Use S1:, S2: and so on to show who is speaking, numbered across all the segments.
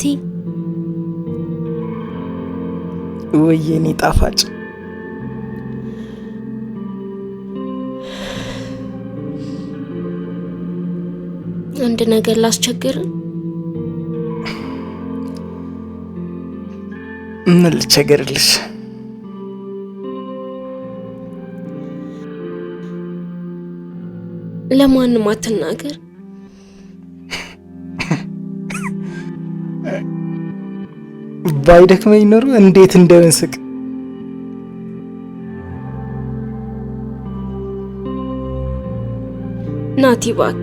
S1: አባቴ።
S2: ወየኔ ጣፋጭ
S1: አንድ ነገር ላስቸግር።
S2: ምን ልቸገርልሽ?
S1: ለማንም አትናገር።
S2: ባይደክመኝ ኖሮ እንዴት እንደምንስቅ
S1: ናቲ ባክ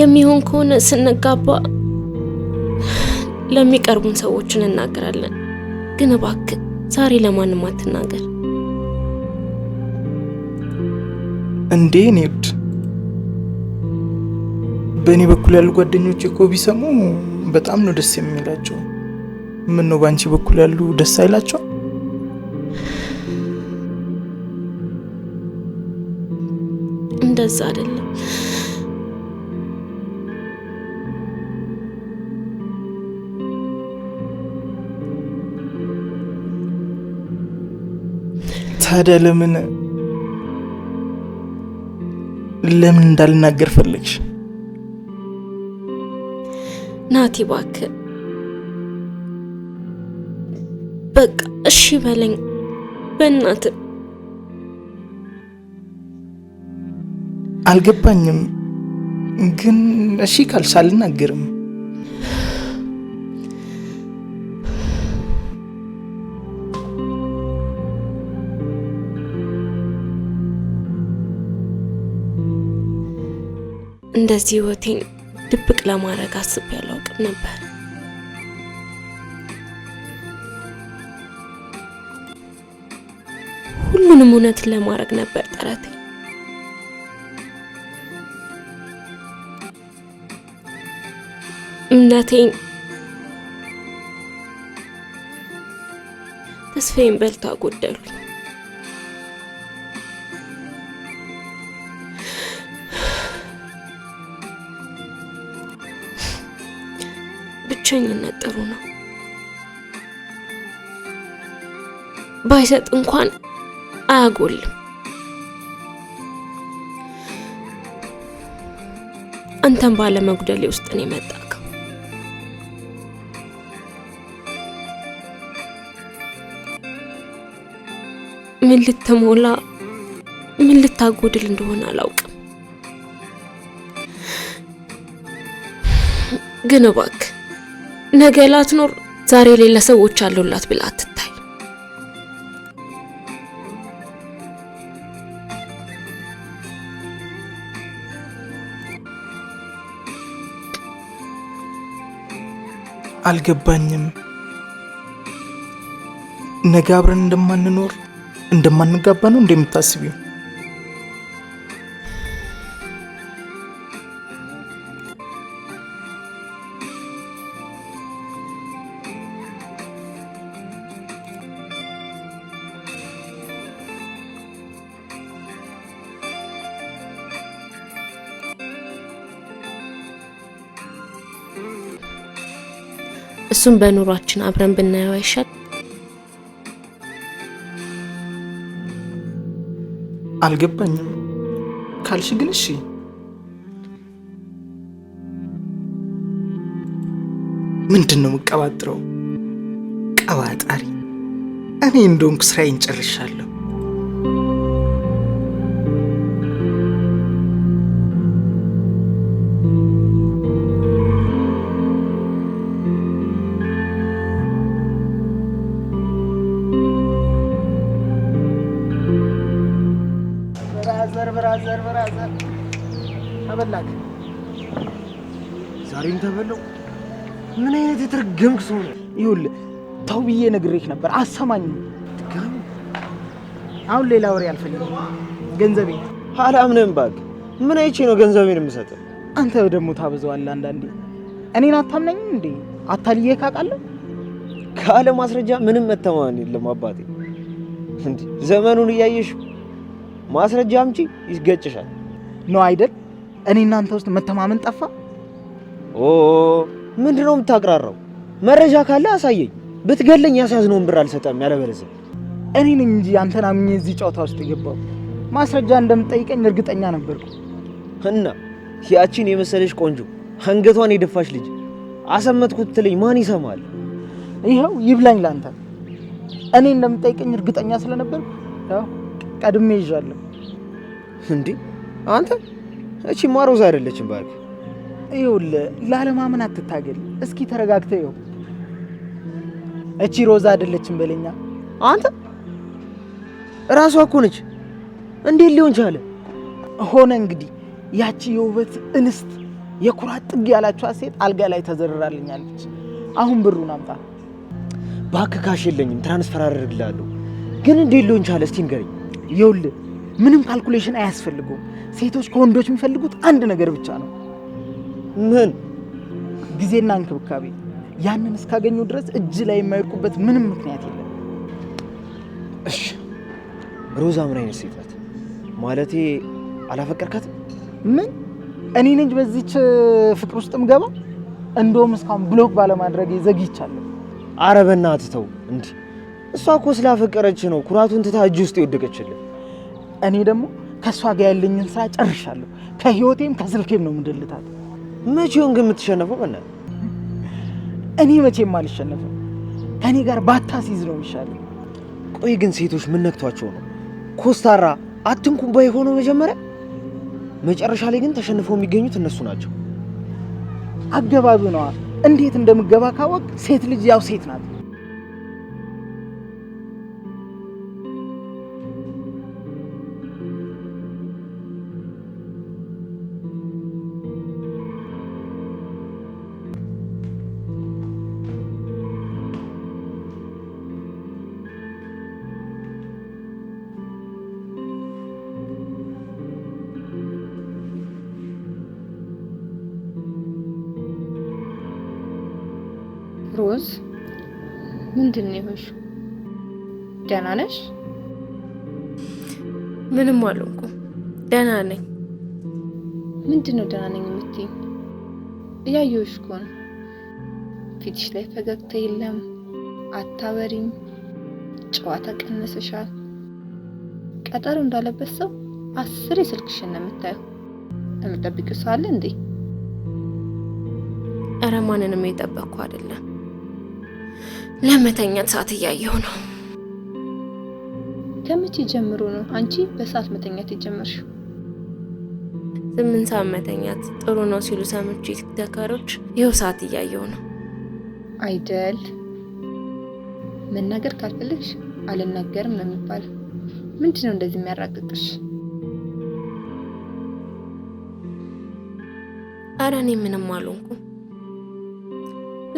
S1: የሚሆን ከሆነ ስንጋባ ለሚቀርቡን ሰዎች እናገራለን። ግን ባክ ዛሬ ለማንም አትናገር።
S2: እንዴ እኔ በእኔ በኩል ያሉ ጓደኞች እኮ ቢሰሙ በጣም ነው ደስ የሚላቸው። ምን ነው ባንቺ በኩል ያሉ ደስ አይላቸው?
S1: እንደዛ አይደለም።
S2: ታዲያ ለምን ለምን እንዳልናገር ፈለግሽ
S1: ናቲ? እባክህ በቃ እሺ በለኝ በእናት
S2: አልገባኝም፣ ግን እሺ ካልሽ አልናገርም።
S1: እንደዚህ ህይወቴን ድብቅ ለማድረግ አስቤ አላውቅም ነበር። ሁሉንም እውነትን ለማድረግ ነበር ጥረቴ። እምነቴን ተስፋዬን በልታ ጎደሉኝ። ብቸኝነት ጥሩ ነው ባይሰጥ እንኳን አያጎልም። አንተን ባለመጉደሌ ውስጥ ነው የመጣከው። ምን ልትሞላ ምን ልታጎድል እንደሆነ አላውቅም፣ ግን እባክህ ነገ ላትኖር ዛሬ ሌላ ሰዎች አሉላት ብላት
S2: አልገባኝም። ነገ አብረን እንደማንኖር እንደማንጋባ ነው እንደምታስቢው?
S1: እሱም በኑሯችን አብረን ብናየው አይሻል?
S2: አልገባኝም ካልሽ ግን እሺ። ምንድን ነው የምቀባጥረው? ቀባጣሪ እኔ እንደሆንኩ ስራዬን ጨርሻለሁ።
S3: የተረገምክ ሰው ነው።
S4: ይኸውልህ ተው ብዬ ነግሬህ ነበር አሰማኝም። አሁን ሌላ ወሬ አልፈልግም። ገንዘቤ
S3: አላምንም። እባክህ ምን አይቼ ነው ገንዘቤን የምሰጥህ?
S4: አንተ ደግሞ ታብዘዋለህ አንዳንዴ። እኔን አታምናኝም እንዴ? አታልዬ ካውቃለህ።
S3: ካለ ማስረጃ ምንም መተማመን የለም አባቴ። እንዲ ዘመኑን እያየሽ ማስረጃ አምጪ ይገጭሻል
S4: ነው አይደል? እኔ እናንተ ውስጥ መተማመን ጠፋ
S3: ኦ ምንድን ነው የምታቅራራው? መረጃ ካለ አሳየኝ። ብትገለኝ ያሳዝነውን ብር አልሰጠም። ያለበለዚያ
S4: እኔ ነኝ እንጂ አንተን አምኜ እዚህ ጨዋታ ውስጥ የገባው። ማስረጃ እንደምጠይቀኝ እርግጠኛ ነበርኩ።
S3: እና ያቺን የመሰለሽ ቆንጆ አንገቷን የደፋች ልጅ አሰመጥኩት ትለኝ ማን ይሰማል?
S4: ይኸው ይብላኝ ለአንተ። እኔ እንደምጠይቀኝ እርግጠኛ ስለነበርኩ ያው ቀድሜ ይዣለሁ።
S3: እንዴ አንተ እቺ ማሮዝ አይደለችም ባክ
S4: ይኸውልህ ላለማመን አትታገል። እስኪ ተረጋግተህ ይኸው እቺ ሮዛ አይደለችም በለኛ።
S3: አንተ እራሷ እኮ ነች። እንዴት ሊሆን ቻለ?
S4: ሆነ እንግዲህ ያቺ የውበት እንስት የኩራት ጥግ ያላቸዋ ሴት አልጋ ላይ ተዘርራልኛለች። አሁን ብሩን አምጣ
S3: እባክህ። ካሽ የለኝም፣ ትራንስፈር አደርግልሃለሁ። ግን እንዴት ሊሆን ቻለ? እስቲ ንገረኝ።
S4: ይኸውልህ ምንም ካልኩሌሽን አያስፈልገውም። ሴቶች ከወንዶች የሚፈልጉት አንድ ነገር ብቻ ነው ምን ጊዜና እንክብካቤ ያንን እስካገኙ ድረስ እጅ ላይ የማይወድቁበት ምንም ምክንያት የለም።
S3: እሺ ሮዛ ምን አይነት ሴት ናት? ማለቴ አላፈቀርካትም?
S4: ምን እኔ ነኝ በዚች ፍቅር ውስጥም ገባ። እንደውም እስካሁን ብሎክ ባለማድረግ ዘግይቻለሁ።
S3: አረ በእናትህ ተው። እሷ እኮ ስላፈቀረች ነው ኩራቱን ትታ እጅ ውስጥ የወደቀችልን።
S4: እኔ ደግሞ ከእሷ ጋር ያለኝን ስራ ጨርሻለሁ። ከህይወቴም ከስልኬም ነው ምድልታት
S3: መቼውን ግን የምትሸነፈው? በእናትህ
S4: እኔ መቼም አልሸነፍም። ከኔ ጋር ባታስይዝ ነው የሚሻለው።
S3: ቆይ ግን ሴቶች ምን ነክቷቸው ነው ኮስታራ ባይ ሆኖ መጀመሪያ መጨረሻ ላይ ግን ተሸንፈው የሚገኙት እነሱ ናቸው።
S4: አገባብ ነዋ። እንዴት እንደምገባ ካወቅ ሴት ልጅ ያው ሴት ናት።
S1: ደህና ነሽ? ምንም አልሆንኩም፣ ደህና ነኝ። ምንድን ነው ደህና ነኝ የምትይኝ? እያየሁሽ እኮ ነው። ፊትሽ ላይ ፈገግታ የለም፣ አታበሪም፣ ጨዋታ ቀነሰሻል። ቀጠሮ እንዳለበት ሰው አስር የስልክሽን ነው የምታየው። የምጠብቂው ሰው አለ እንዴ? እረ ማንንም የጠበቅኩ አይደለም። ለመተኛት ሰዓት እያየሁ ነው። ከመቼ ጀምሮ ነው አንቺ በሰዓት መተኛት የጀመርሽው? ስምንት ሰዓት መተኛት ጥሩ ነው ሲሉ ሰምቼ ቲክቶከሮች ይኸው ሰዓት እያየው ነው አይደል። መናገር ካልፈለግሽ አልናገርም ነው የሚባለው። ምንድን ነው እንደዚህ የሚያራቅቅሽ? አረ እኔ ምንም አልሆንኩም።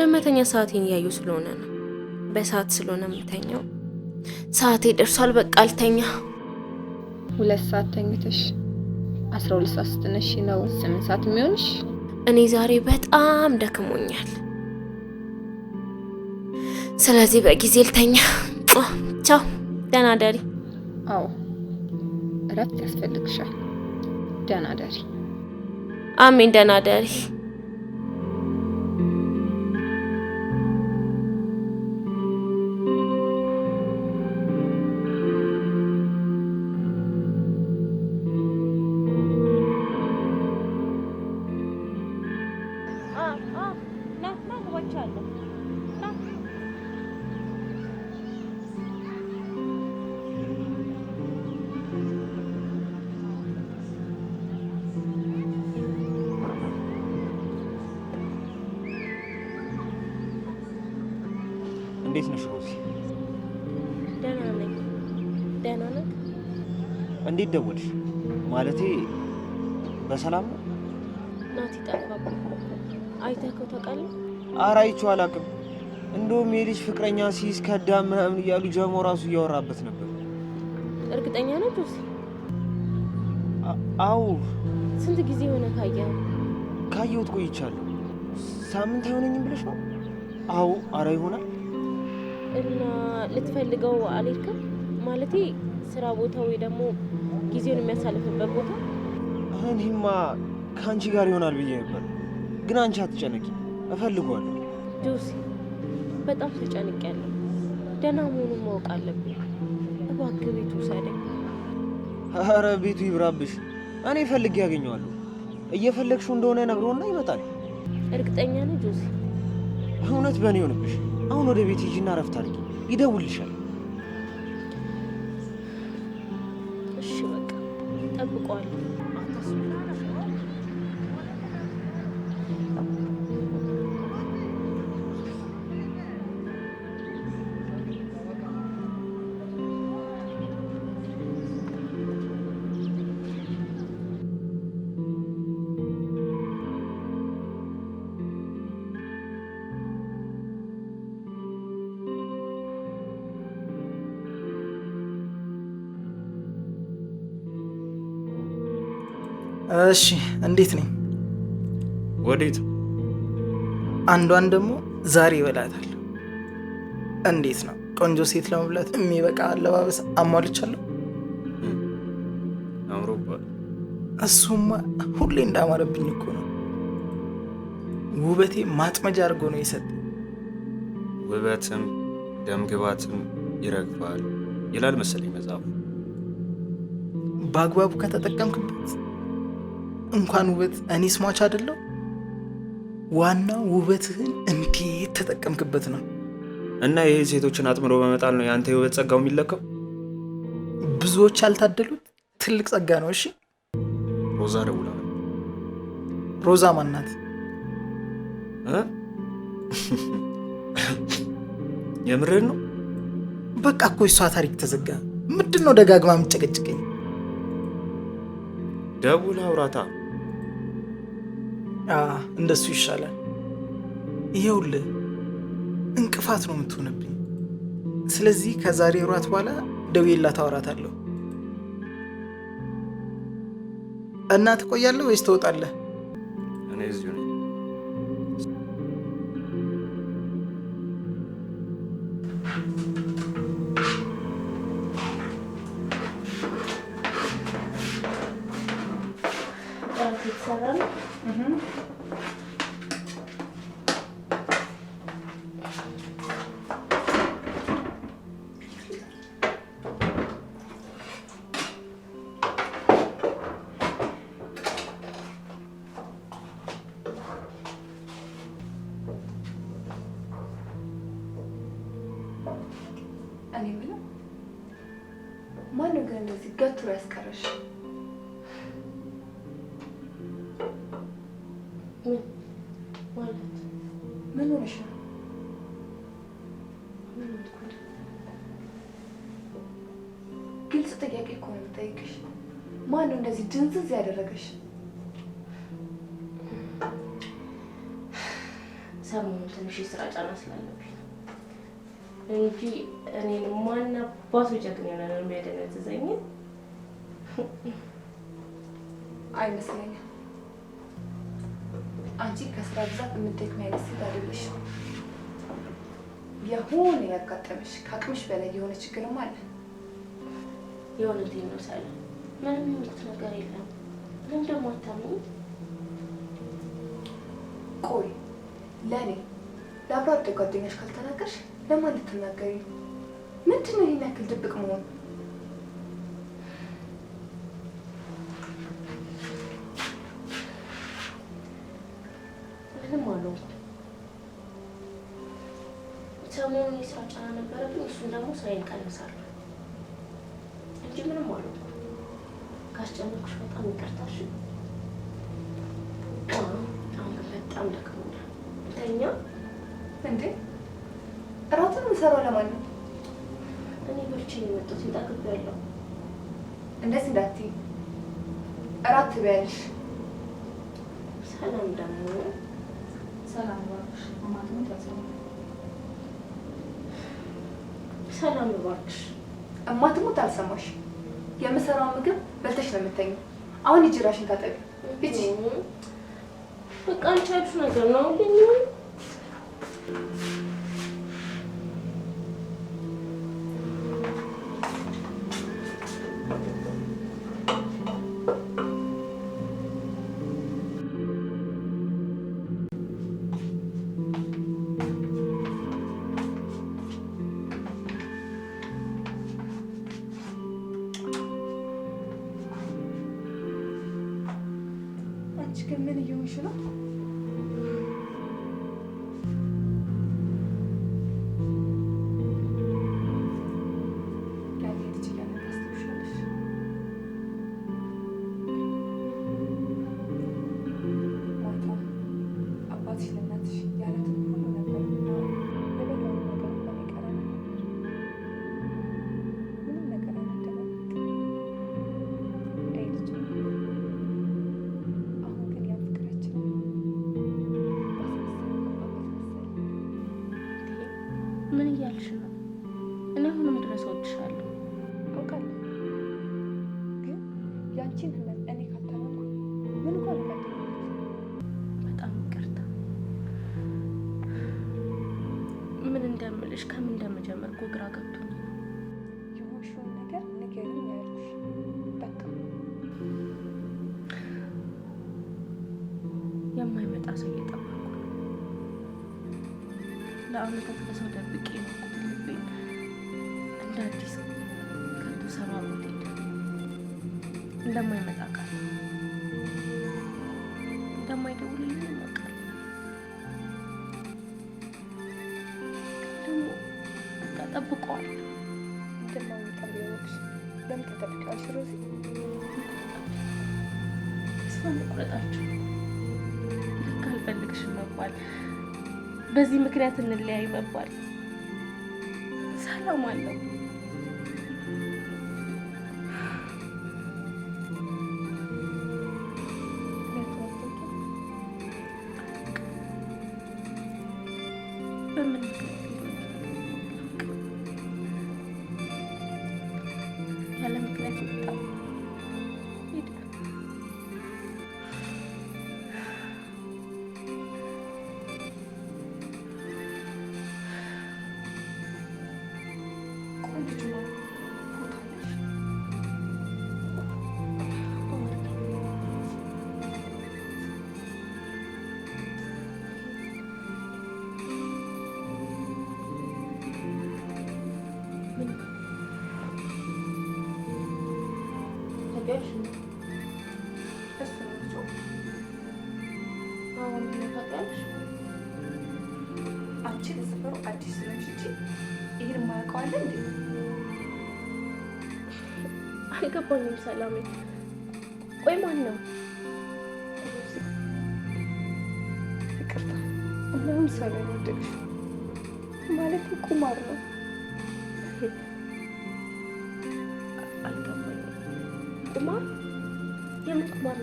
S1: ለመተኛ ሰዓቴን እያዩ ስለሆነ ነው፣ በሰዓት ስለሆነ የምተኛው። ሰዓቴ ደርሷል። በቃ አልተኛ። ሁለት ሰዓት ተኝተሽ አስራ ሁለት ሰዓት ስትነሽ ነው ስምንት ሰዓት የሚሆንሽ። እኔ ዛሬ በጣም ደክሞኛል። ስለዚህ በጊዜ ልተኛ። ቻው፣ ደህና ደሪ። አዎ እረፍት ያስፈልግሻል። ደህና ደሪ። አሜን፣ ደህና ደሪ። እንዴት ነሽ ሮዚ? ደህና ነኝ። ደህና ነህ?
S3: እንዴት ደወልሽ? ማለቴ በሰላም ነው?
S1: ናቲ ጠፋብኝ። አይተኸው ታውቃለህ?
S3: ኧረ አይቼው አላውቅም። እንደውም የልጅ ፍቅረኛ ሲይዝ ከዳ ምናምን እያሉ ጀሞ ራሱ እያወራበት ነበር።
S1: እርግጠኛ ነህ ጆሲ? አዎ። ስንት ጊዜ ሆነ ካየኸው?
S3: ካየሁት ቆይቻለሁ። ሳምንት አይሆነኝም ብለሽ ነው? አዎ። አረ ይሆናል
S1: እና ልትፈልገው አልሄድክም ማለቴ ስራ ቦታ ወይ ደግሞ ጊዜውን የሚያሳልፍበት ቦታ።
S3: እኔማ ከአንቺ ጋር ይሆናል ብዬ ነበር፣ ግን አንቺ አትጨነቂ፣ እፈልገዋለሁ።
S1: ጆሲ በጣም ተጨንቄያለሁ። ደህና መሆኑን ማወቅ አለብኝ። እባክህ ቤቱ ውሰደኝ።
S3: አረ ቤቱ ይብራብሽ፣ እኔ ፈልግ ያገኘዋለሁ። እየፈለግሽው እንደሆነ ነግሮና ይመጣል።
S1: እርግጠኛ ነው ጆሲ?
S3: እውነት በእኔ ይሆንብሽ አሁን ወደ ቤት ሂጂና ረፍት አድርጊ፣ ይደውልሻል።
S4: እሺ፣ እንዴት ነኝ? ወዴት? አንዷን ደግሞ ዛሬ ይበላታል። እንዴት ነው? ቆንጆ ሴት ለመብላት የሚበቃ አለባበስ አሟልቻለሁ። አምሮባል። እሱማ ሁሌ እንዳማረብኝ እኮ ነው። ውበቴ ማጥመጃ አድርጎ ነው የሰጠ።
S3: ውበትም ደምግባትም ይረግፋል ይላል መሰለኝ መጽሐፉ።
S4: በአግባቡ ከተጠቀምክበት እንኳን ውበት እኔ ስሟች አይደለሁ። ዋና ውበትህን እንዴት ተጠቀምክበት ነው።
S3: እና ይሄ ሴቶችን አጥምሮ በመጣል ነው የአንተ የውበት ጸጋው የሚለካው።
S4: ብዙዎች ያልታደሉት ትልቅ ጸጋ ነው። እሺ ሮዛ ደውላ ሮዛ ማናት? የምርህን ነው? በቃ እኮ እሷ ታሪክ ተዘጋ። ምንድን ነው ደጋግማ የምጨቀጭቀኝ?
S3: ደውል አውራታ
S4: እንደሱ ይሻላል። ይኸውልህ እንቅፋት ነው የምትሆንብኝ። ስለዚህ ከዛሬ ሯት በኋላ ደውዬላ ታወራታለሁ እና ትቆያለህ ወይስ ትወጣለህ?
S3: እኔ እዚሁ ነኝ።
S1: ምን ማለት ምን ሆነሽ ነው? ግልጽ ጥያቄ እኮ ነው የምጠይቅሽ። እንደዚህ ድንዝዝ ያደረገሽ? ሰሞኑን ትንሽ የስራ ጫና ስላለብኝ እንጂ እኔን ማን ነው የሚያደነዝዘኝ አይመስለኝም። አንቺ ከስራ ብዛት የምትደክሚ አይነት ሴት አይደለሽም። የሆነ ያጋጠመሽ ከአቅምሽ በላይ የሆነ ችግርም አለ። የሆነ የእውነቴን ነው ሳለ ምንም የሆንኩት ነገር የለም። ግን ደግሞ አታሙ? ቆይ ለእኔ ለአብሮ አደግ ጓደኛሽ ካልተናገርሽ ለማን ልትናገሪ? ምንድን ነው ይህን ያክል ድብቅ መሆን? ስራዬን ቀንሳለሁ እንጂ ምንም አሉ ካስጨነቅሽ በጣም ይቅርታሽ። አሁን በጣም ደክሞኛል። ተኛ እንዴ? እራቱን የምሰራው ለማን ነው? እኔ በልቼ የመጡት ይጠግብ ያለው እንደዚህ እንዳትዪ እራት ትበያለሽ ሰላም እባክሽ። እማትሞት አልሰማሽ። የምሰራው ምግብ በልተሽ ነው የምተኘው። አሁን እጅራሽን ታጠቢ። ይቺ በቃ አንቺ ያልሽው ነገር ነው። የማይመጣ ሰው እየጠበኩ ነው። ለአመታት ከሰው ደብቅ የኖርኩት ልቤን እንደ አዲስ ከቶ ሰባብሮት ሄደ። እንደማይመጣ ቃል እንደማይደውልልኝ ይሞቃል። ደግሞ ተጠብቀዋል። ለምን ተጠብቀዋል? ስለዚህ ተስፋ መቁረጣቸው አልፈልግሽም መባል፣ በዚህ ምክንያት እንለያይ መባል ሰላም አለው። በምን ይሄን የማያውቀዋለ እንዴ? አይገባኝም። ሰላሜ ቆይ ማን ነው? ምንም ማለት ቁማር ነው። ቁማር የምን ቁማር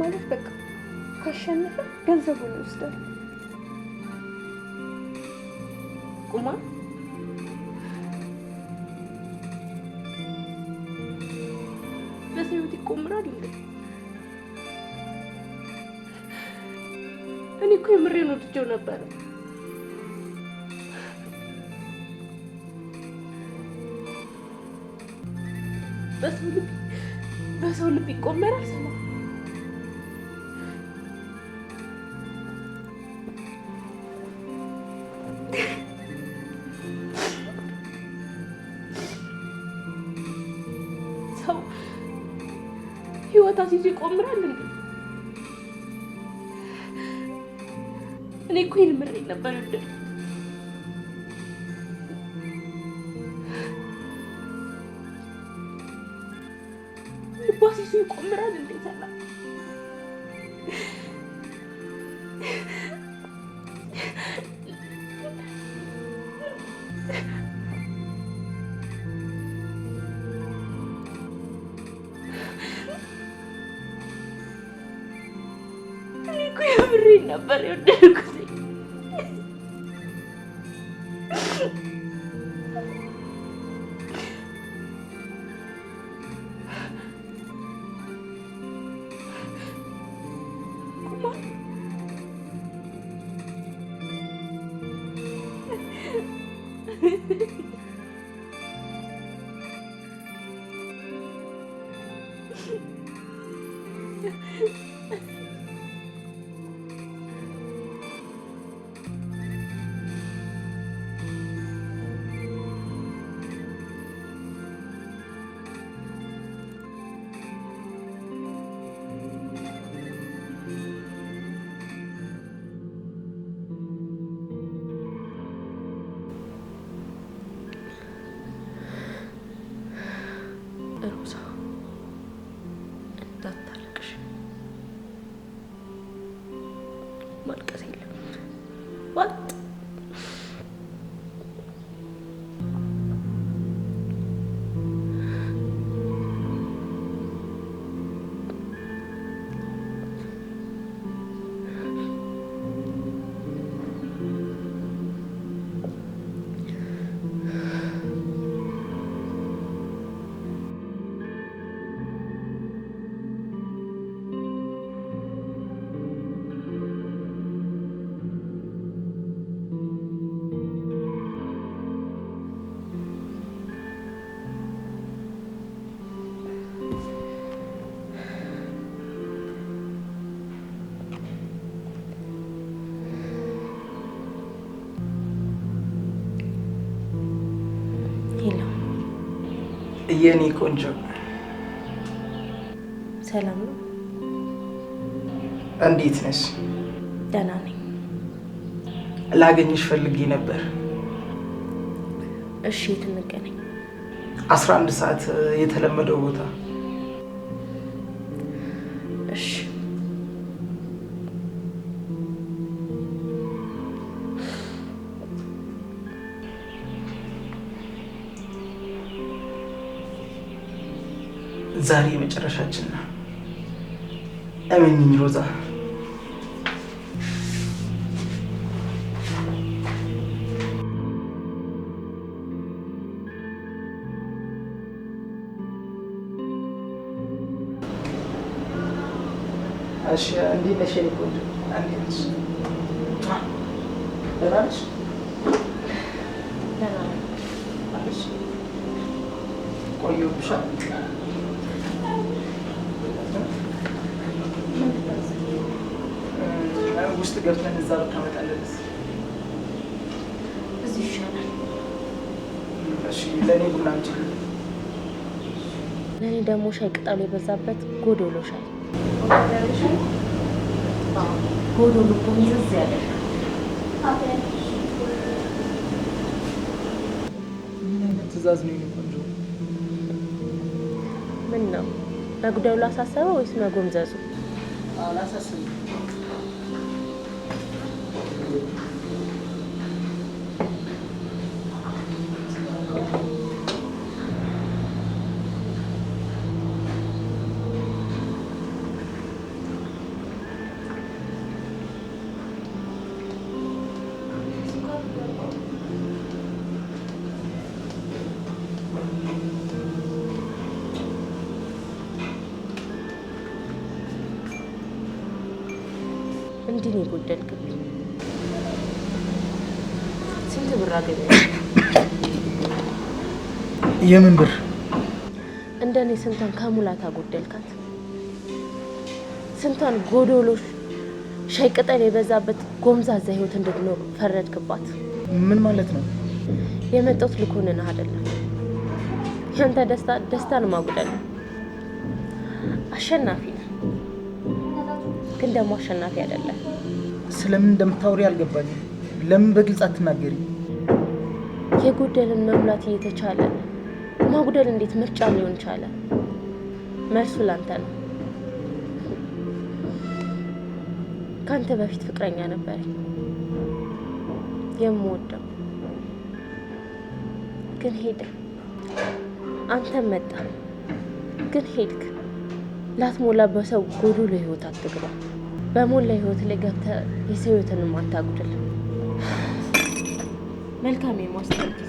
S1: ማለት በቃ ካሸነፈ ገንዘቡን ይወስዳል። ቁማ በሰይወት ይቆምራል እንዴ? እኔ እኮ የምሬን ነበረ። በሰው ልብ ይቆመራል። ራሱ ይዞ ይቆምራል እንዴ? እኔ እኮ ይህን ነበር እንደ ልቧ ሲሱ ይቆምራል እንዴ? አብሬ ነበር የወደድኩት
S2: የኔ ቆንጆ ሰላም ነው? እንዴት ነሽ? ደህና ነኝ። ላገኝሽ ፈልጌ ነበር።
S1: እሺ፣ የት እንገናኝ?
S2: አስራ አንድ ሰዓት የተለመደው ቦታ ዛሬ የመጨረሻችን ነው። እመኝኝ ሮዛ። እሺ እንዴት ነሽ? ለእኔ ቡና ምችል
S1: ለእኔ ደግሞ ሻይ ቅጠሉ የበዛበት ጎዶሎ ሻይ ጎዶሎ ቆንዘዝ ያለ
S2: ትእዛዝ ነው። ቆንጆ
S1: ምን ነው መጉደሉ አሳሰበ ወይስ መጎምዘዙ? አላሳስብም ለምንድን የጎደልክብኝ? ስንት ብር አገኘ? የምን ብር? እንደኔ ስንቷን ከሙላታ ጎደልካት? ስንቷን ጎዶሎች ሻይ ቅጠል የበዛበት ጎምዛዛ ህይወት እንድትኖር ፈረድክባት። ምን ማለት ነው? የመጣሁት ልኮንን አይደለም። ያንተ ደስታ ደስታን ማጉደል አሸናፊ ግን ደግሞ አሸናፊ አይደለም።
S2: ስለምን እንደምታወሪ አልገባኝ። ለምን በግልጽ አትናገሪ?
S1: የጎደልን መሙላት እየተቻለ ማጉደል እንዴት ምርጫ ሊሆን ቻለ? መልሱ ላንተ ነው። ከአንተ በፊት ፍቅረኛ ነበር የምወደው፣ ግን ሄደ። አንተም መጣ፣ ግን ሄድክ። ላትሞላ በሰው ጎዶሎ ህይወት አትግባ። በሞላ ህይወት ላይ ገብተህ የሰው ህይወትንም አታጉድል። መልካም የማስተር